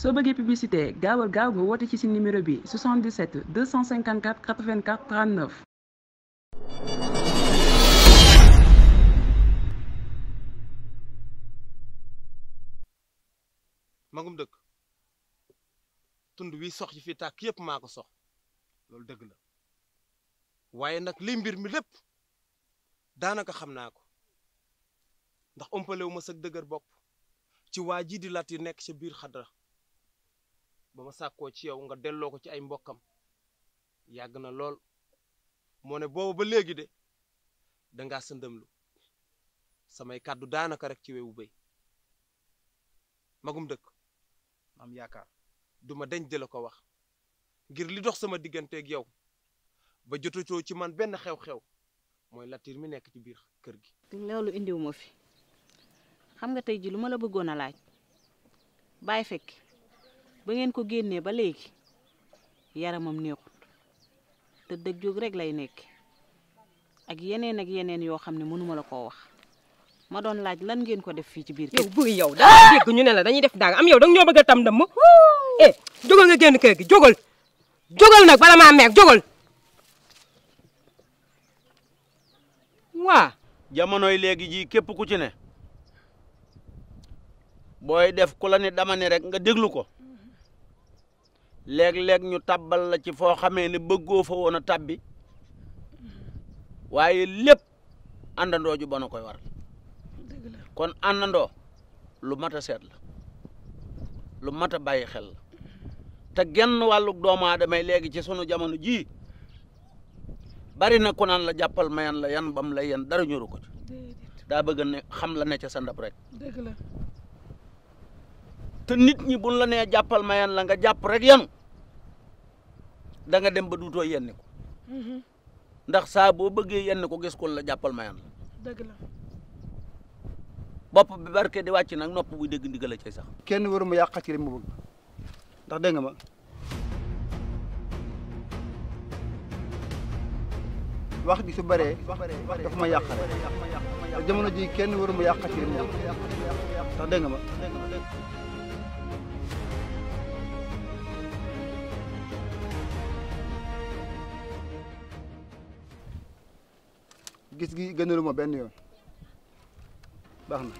so bëggee publicité gaawal gaaw nga woote ci si numéro bi 77 254 84 39. magum dëkk tund wi sox yi fi tàkk yépp maa ko sox loolu dëgg la waaye nag li mbir mi lépp daanaka xam naa ko ndax umpalewuma sëg dëgër bopp ci waa ji di lat yi nekk ca biir xadra ba ma sàkkoo ci yow nga delloo ko ci ay mbokkam yàgg na lool moo ne boobu ba léegi de dangaa sëndëmlu samay kàddu daanaka rek ci wewu béy magum dëkk am yaakaar duma deñ di la ko wax ngir li dox sama diggante digganteeg yow ba jotatoo ci man benn xew-xew mooy Latir mi nekk ci biir kër gi loolu indiwuma fi xam nga tey ji lu ma la bëggoon a laaj baay fekk ba ngeen ko génnee ba léegi yaramam neexut te dëgg jóg rek lay nekk ak yeneen ak yeneen yoo xam ne mënuma la koo wax ma doon laaj lan ngeen ko def fii ci biir. yow buy yow daa dégg ñu ne la dañuy def daanga am yow da ñoo bëgg a tam dëmm. eh jógal nga génn kër gi jógal jógal nag bala maa meeg jógal. waa jamonoy léegi jii képp ku ci ne booy def ku la ne dama ne rek nga déglu ko. léeg-léeg ñu tabbal la ci foo xamee ne bëggoo fa woon a tabbi waaye lépp àndandoo ju bon a koy waral kon àndandoo lu mat a seet la lu mat a bàyyi xel la te genn wàllu doomu aadama léegi ci sunu jamono jii bari na ku naan la jàppal mayan la yan bam la yan dara ñoru ko daa bëgg ne xam la ne ca sa ndab rek te nit ñi buñ la né jappal mayan yan la nga japp rek yan da nga dem ba duutoo yenn ko mhm. ndax sa bo bëggee yenn ko gis ko la jappal mayan la deug la bop bi barké di wacc nak nopp bu deug ndigal ci sax kenn waru ma yàq ci bëgg ndax deug nga ma wax ji su bare dafa ma yàq rek jamono ji kenn waru ma yàq ci bëgg ndax deug nga ma gis gi gënalu ma benn yoon baax na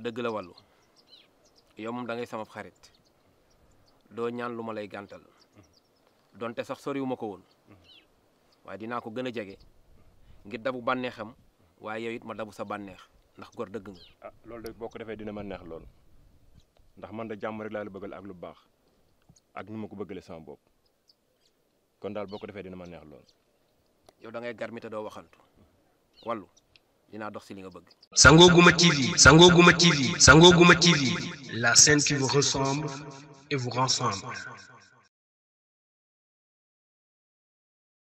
deug la walu yow mom da ngay sama xarit do ñaan luma ma lay gàntal donte sax soriwuma ko won way dina ko gëna jégé jege ngir dabu bànneexam way yow it ma dabu sa bànneex ndax gor deug nga. ah de bokk defé dina ma neex lool ndax man da jàmm rek la la bëggal ak lu baax ak ko bëggale sama bop kon dal bokk defé dina ma neex lool. yow da ngay garmi te waxantu walu Sango Gouma TV Sango Gouma TV Sango Gouma TV la scène qui vous ressemble et vous rassemble.